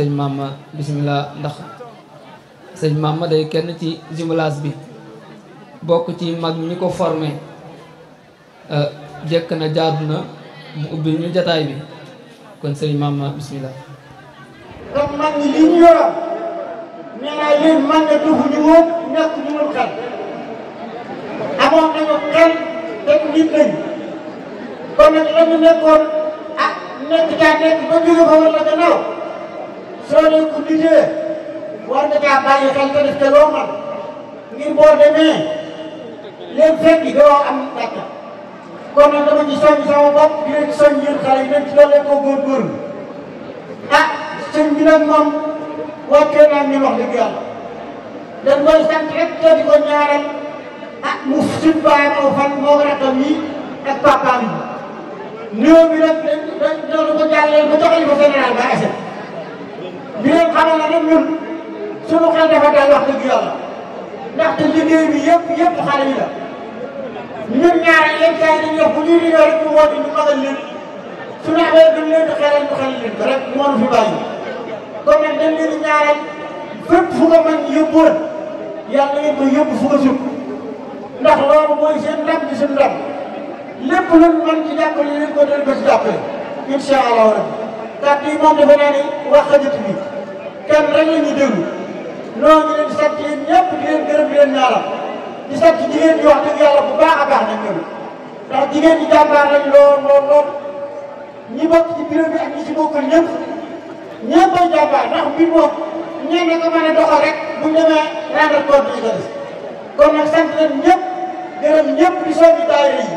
sëñ Maama bisimilah ndax sëñ Maama day kenn ci jumelage bi bokk ci mag ñi ko forme euh, jekk na jaadu na mu ubbi ñu jataay bi kon sëñ Maama bisimilah. donc mag mag ñu nekkoon ah nekk caa nekk ba jóge fa wala gannaaw. soo leen ko liggéey war nga caa bàyyi xel te def te loo man ngir boo demee leen fekki doo am dàkk kon nag dama ci soññ sama bopp di leen soññ yéen xale yi leen ci doon leen ko góorgóorlu ah sëñ bi nag moom wàccee naa ñu wax dëgg yàlla dañ koy sant rek te di ko ñaaral ah mu suñ bàyyi ko fan moo rakkam yi ak papaam yi néew bi nag dañ dañ doon ko jàllale ba joxali ko général ba di leen xamale ne ñun suñu xel dafa dal wax dëgg yàlla ndaxte liggéey bi yëpp yëpp xale yi la ñun ñaare yenn saa yi dañuy wax bu ñuy liggéey magal leen suñu affaire bi ñu di xelal ñu xelal leen rek moo fi bàyyi. kon nag dañ leen di ñaareel fépp fu ko yàlla ngeen ko yóbbu fu ko ndax loolu mooy seen ndam di seen ndam lépp lu mën ci jàppale leen ko doon ba ci jàppale incha allah rabbi kàddu yi moom dafa naa ni kan rek la ñuy déglu noo ngi leen sant yéen ñëpp di leen gërëm di leen ñaanal di sant jigéen ñi wax dëgg yàlla bu baax a baax nañ ñëw ndax jigéen ñi jàmbaar lañ lool lool lool ñi bokk ci bureau bi ak ñi si bokkul ñëpp ñëpp ay jàmbaar ndax mbir moom ñenn ko mën a doxal rek bu demee rendre compte bi nga des kon nag sant leen ñëpp gërëm ñëpp di soññi daayira yi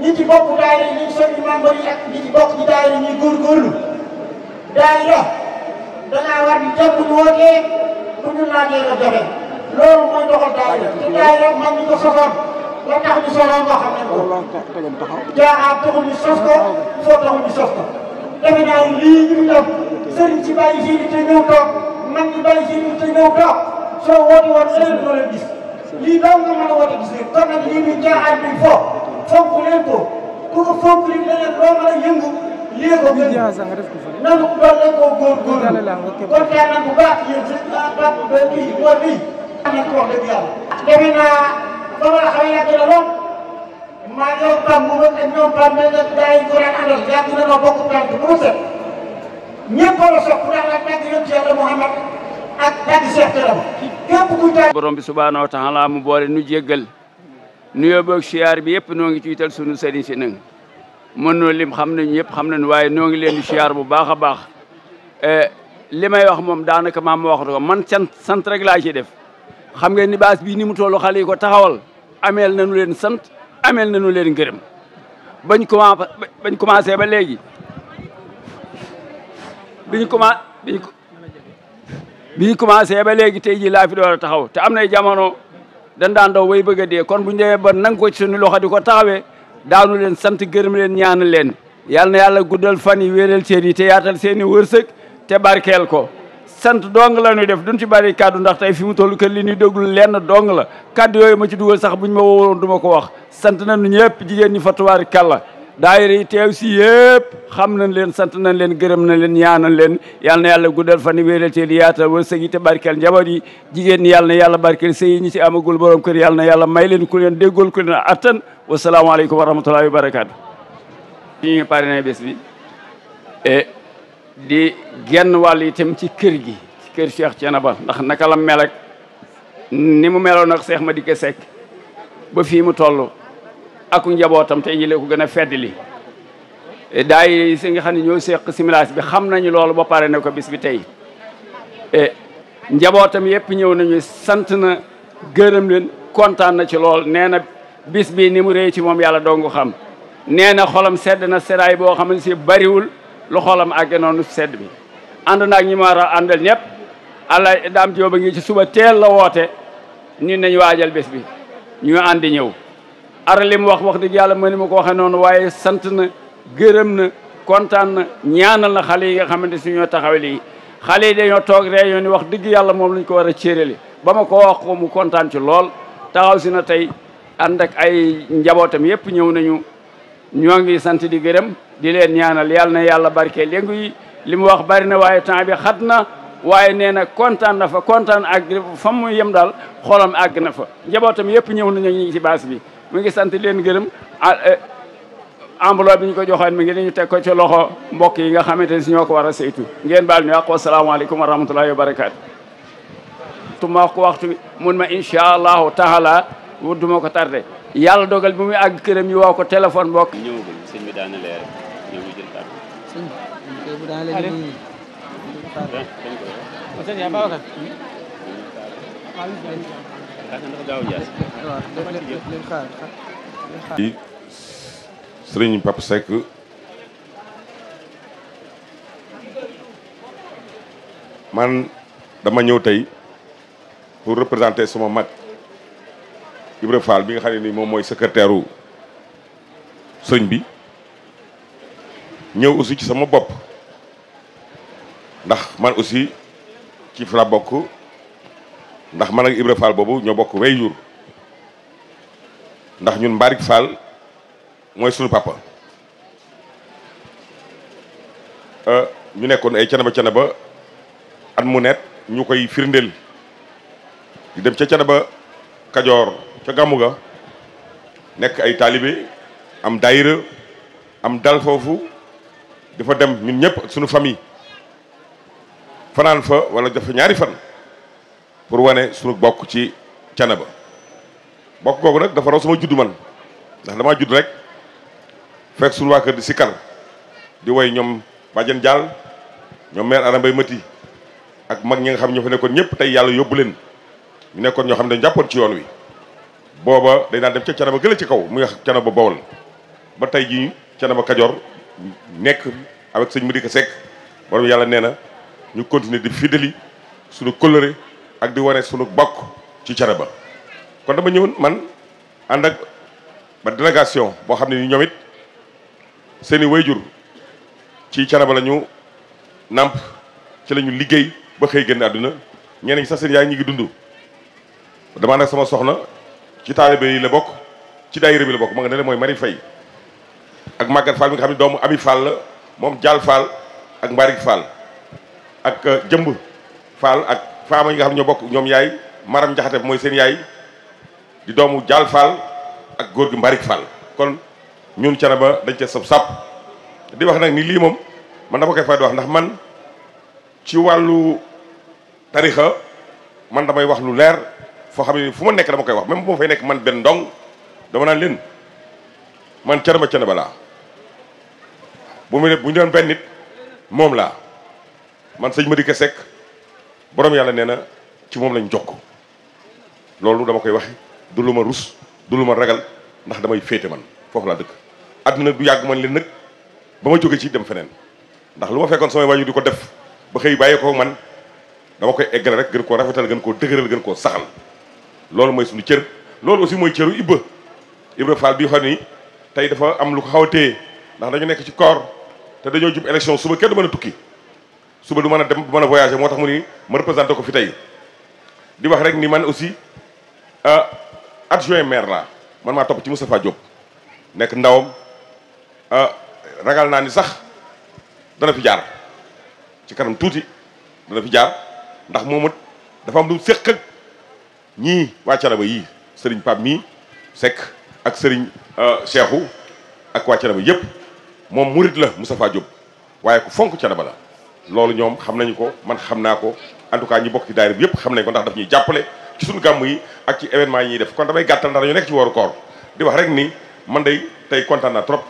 ñi ci bokk daayira yi ñi soññi membre yi ak ñi ci bokk ci daayira yi ñuy góorgóorlu daayira dangaa war di jàng wootee bu ñu laajee la joxe loolu mooy doxal daayira ci daayira man ñu ko sosoon la tax ñu sosoon nga xam ne ko jaaxaat taxul ñu sos ko foo taxul ñu sos ko defe naa lii ñu def sëriñ si bàyyi seen te ñëw toog man ñu bàyyi seen te ñëw toog soo woote woon leen doo leen gis lii daaw nga mën a woote gis leen kon nag lii ñu jaaxaat bi foo fonk leen ko ku ko fonk li leneen loo mën a yëngu lii ko gën nanu doole ko góorgóorlu kon teel na bu baax yéen sëñ la topp sunu sëriñ si mënoo lim xam nañ ñëpp xam nañ waaye noon ngi leen di bu baax a baax eh, li may wax moom daanaka maam ma wax ko man sant sant rek laa ci def xam ngeen ni baas bii ni mu tollu ko taxawal ameel nañu leen sant ameel nañu leen gërëm bañ commencé bañ commencé ba léegi biñ commencé biñ biñ commencé ba léegi tey jii laa fi door a taxaw te am nay jamono dañ daan daw way bëgg a dee kon buñ demee ba nangu ko ci suñu loxo di ko taxawee daanu leen sant gërëm leen ñaan leen yal na yàlla guddal fan yi wéeral seen yi te yaatal seeni i wërsëg te barkeel ko sant dong la ñuy def duñ ci bari kàddu ndax tey fi mu toll kër li ñuy déglu lenn dong la kàddu yooyu ma ci dugal sax buñ ma woowoon du ko wax sant na nañu ñëpp jigéen ñi fatuwaari kàlla daayira yi teew si yëpp xam nañ leen sant nañ leen gërëm nañ leen na leen yal na yàlla guddal fan yi wéeral teel yaatal wërsëg yi te barkeel njaboot yi jigéen yal na yàlla barkeel sëy ñi ci amagul boroom kër yal na yàlla may leen ku leen déggool ku leen attan wasalaamaaleykum wa rahmatullahi wa barakaatu ñu ngi parrainé bés bi e di genn wàll itam ci kër gi ci kër Cheikh ba ndax naka la mel ak ni mu meloon ak Cheikh Madike Seck ba fii mu toll aku njabootam tey jëlee ko gën a fedd li daay si nga xam ne ñoo seq similage bi xam nañu loolu ba pare ne ko bis bi tey e, njabootam yëpp ñëw nañu sant na gërëm kontaan na ci lool nee na bis bi ni mu rëy ci moom yàlla dongu xam nee na xolam sedd na seddaay boo xam ne si bariwul lu xolam àgge noonu sedd bi ànd naag ñi ma war a àndal ñëpp alla daam jooba ngi ci suba teel la woote ñun nañu waajal bés bi ñu àndi ñëw ara li mu wax wax dëgg yàlla ma ni ma ko waxee noonu waaye sant na gërëm na kontaan na ñaanal na xale yi nga xamante si ñoo taxawe lii xale yi dañoo toog réunion ni wax dëgg yàlla moom lañ ko war a céerali ba ma ko wax ko mu kontaan ci lool taxaw si na tey ànd ak ay njabootam yëpp ñëw nañu ñoo ngi sant di gërëm di leen ñaanal yàlla na yàlla barke léngu yi li mu wax bari na waaye temps bi xat na waaye nee na kontaan na fa kontaan ak fa mu yem daal xolam àgg na fa njabootam yëpp ñëw nañu ñu ngi ci baas bi mu ngi sant leen gërëm e, enveloppe bi ñu ko joxoon mi ngi leen ñu teg ko ci loxo mbokk yi nga xamante ne si ñoo ko war a saytu ngeen baal ñu àq wasalaamaaleykum wa rahmatullahi wa barakaatu tuma ko waxtu mun ma incha allahu taala wudduma ko tardé yàlla dogal bi muy àgg këram yi woo ko téléphone mbokk ñëwagul sëñ di sëriñ Pape Seck man dama ñëw tey pour représenter sama mag Ibra Fall bi nga xam ne nii moom mooy secrétaire u sëñ bi ñëw aussi ci sama bopp ndax man aussi ci fa bokk ndax man ak Ibra Fall boobu ñoo bokk way jur ndax ñun Mbarick Fall mooy sunu papa euh, ñu nekkoon ay canaba canaba at mu nekk ñu koy firndeel di dem ca canaba kajoor ca gàmmu ga nekk ay taalibe am daayira am dal foofu dafa dem ñun ñëpp ak sunu famille fanaan fa wala dafa ñaari fan pour wane suñu bokk ci Thiénaba bokk googu nag dafa raw sama juddu man ndax damaa judd rek fekk suñu waa kër di sikkar di woy ñoom Badiane Diall ñoom maire Arambay Mati ak mag ñi nga xam ñoo fa nekkoon ñëpp tey yàlla yóbbu leen ñu nekkoon ñoo xam ne jàppoon ci yoon wi booba day daan dem ca Thiénaba gële ci kaw muy Thiénaba Bawol ba tey jii Thiénaba Kajoor nekk avec sëñ Madické Seck borom yàlla nee na ñu continuer di fidèle sunu coloré ak di wane sunu bokk ci cere ba kon dama ñëwoon man ànd ak ba délégation boo xam ne ni ñoom it seeni wayjur ci cere ba la ñu nàmp ci la liggéey ba xëy génn àdduna ñeneen ñi sax seen yaay ñi ngi dund dama nag sama soxna ci taalibe yi la bokk ci daayira bi la bokk ma mooy Mari Faye ak Maguette Fall mi nga xam ne doomu Ami Fall moom Jaal Fall ak Mbarik Fall ak euh, Jëmb Fall ak faama yi nga xam ñoo bokk ñom yaay maram jaxate moy seen yaay di doomu jalfal ak goor gu mbarik fal kon ñun Thiénaba dañ ci sab wahana di wax nak ni li mom man dama koy fay di wax ndax man ci walu tarixa man damay wax lu leer fo xamni fu ma nek dama koy wax même bu fay nek man ben ndong dama nan len man ci Thiénaba laa bu mu bu ñu doon ben nit mom la man seigne borom yàlla nee na ci moom lañ jokk loolu dama koy waxe du lu ma rus du lu ma ragal ndax damay féete man foofu laa dëkk. àdduna du yàgg man leen nag ba ma jóge ci dem feneen ndax lu ma fekkoon samay waajur di ko def ba xëy bàyyee ko man dama koy eggale rek gën koo rafetal gën koo dëgëral gën koo saxal loolu mooy suñu cër. loolu aussi mooy cëru ibba Ibra Fall bi xam ni tey dafa am lu ko xaw a ndax dañu nekk ci koor te dañoo jub élection suba kenn du mën suba du mën a dem du mën a voyager moo tax mu ni ma représenté ko fi tey di wax rek ni man aussi euh, adjoint maire laa man maa topp ci Moustapha Diop nekk ndawam euh, ragal naa ni sax dana fi jaar ci kanam tuuti dana fi ndax moom it dafa am lu séq ak ñii waa Thiénaba yii sëriñ Pape mii Seck ak sëriñ euh, Cheikhou ak waa Thiénaba yëpp moom murit la Moustapha Diop waaye ku fonk Thiénaba la loolu ñoom xam nañu ko man xam naa ko en tout cas ñi bokk ci daayira bi yëpp xam nañ ko ndax daf ñuy jàppale ci suñu gàmmu yi ak ci événement yi ñuy def kon damay gàttal ndax dañu nekk ci wooru koor di wax rek ni man day tey kontaan naa trop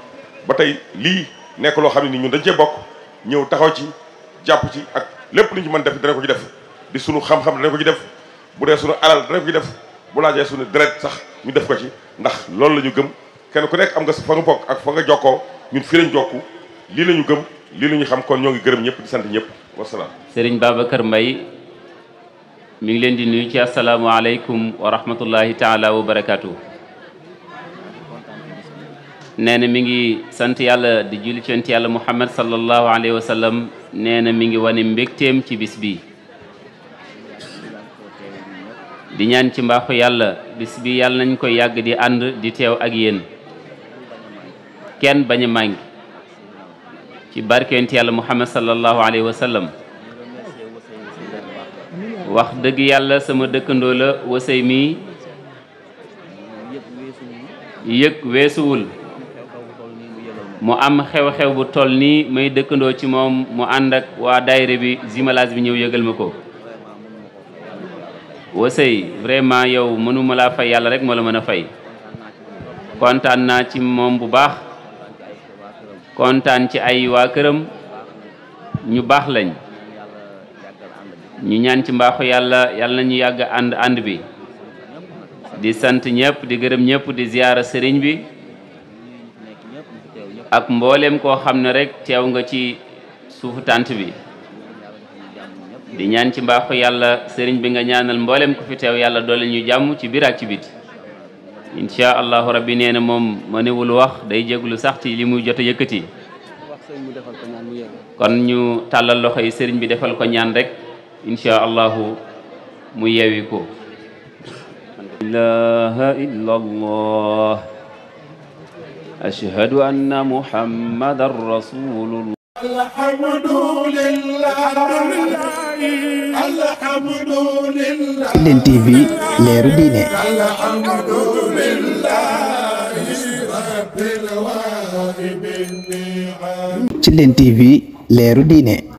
ba tey lii nekk loo xam ne ni ñun dañ bokk ñëw taxaw ci jàpp ci ak lépp lu ñu mën def dana ko ci def di suñu xam-xam dana ko ci def bu dee suñu alal dana ko ci def bu laajee suñu deret sax ñu def ko ci ndax loolu la ñu gëm kenn ku nekk am nga sa fa nga ak fa nga jokkoo ñun fii lañ jokku lii la ñu gëm li lu ñu xam kon ñoo ngi gërëm ñépp di sant ñëpp wasalaam. Serigne Babacar Mbaye mi ngi leen di nuyu ci asalaamualeykum wa rahmatullahi taala wa barakaatu. nee mi ngi sant yàlla di julli ci yàlla Muhammad sallallahu alayhi wa sallam nee na mi ngi wane mbégteem ci bis bi. di ñaan ci mbaaxu yàlla bis bi yàlla nañ ko yàgg di ànd di teew ak yéen. kenn bañ a ci barke yonent yàlla muhammad sallallahu alayhi wa sallam wax dëgg yàlla sama dëkkandoo la wasey mii yëg weesuwul mu am xew-xew bu toll nii may dëkkandoo ci moom mu ànd ak waa daayira bi Zimalage bi ñëw yëgal ma ko wasey vraiment yow mënuma laa fay yàlla rek moo la mën a fay kontaan naa ci moom bu baax kontaan ci ay waa këram ñu baax lañ ñu ñaan ci mbaaxu yàlla yàlla ñu yàgg ànd ànd bi di sant ñëpp di gërëm ñëpp di ziyaara sëriñ bi ak mboolem koo xam ne rek teew nga ci suufu tànt bi di ñaan ci mbaaxu yàlla sëriñ bi nga ñaanal mbooleem ku fi teew yàlla doole ñu jàmm ci biir ak ci biti إن شاء الله ربنا نمم من يقول وح ديجك لسختي لمو جت يكتي كنيو تلا الله خيسرين بدفعل كنيانك إن شاء الله مياويكو إله إلا الله أشهد أن محمد رسول الله الحمد لله Tilène TV leeru diine Tilène TV leeru diine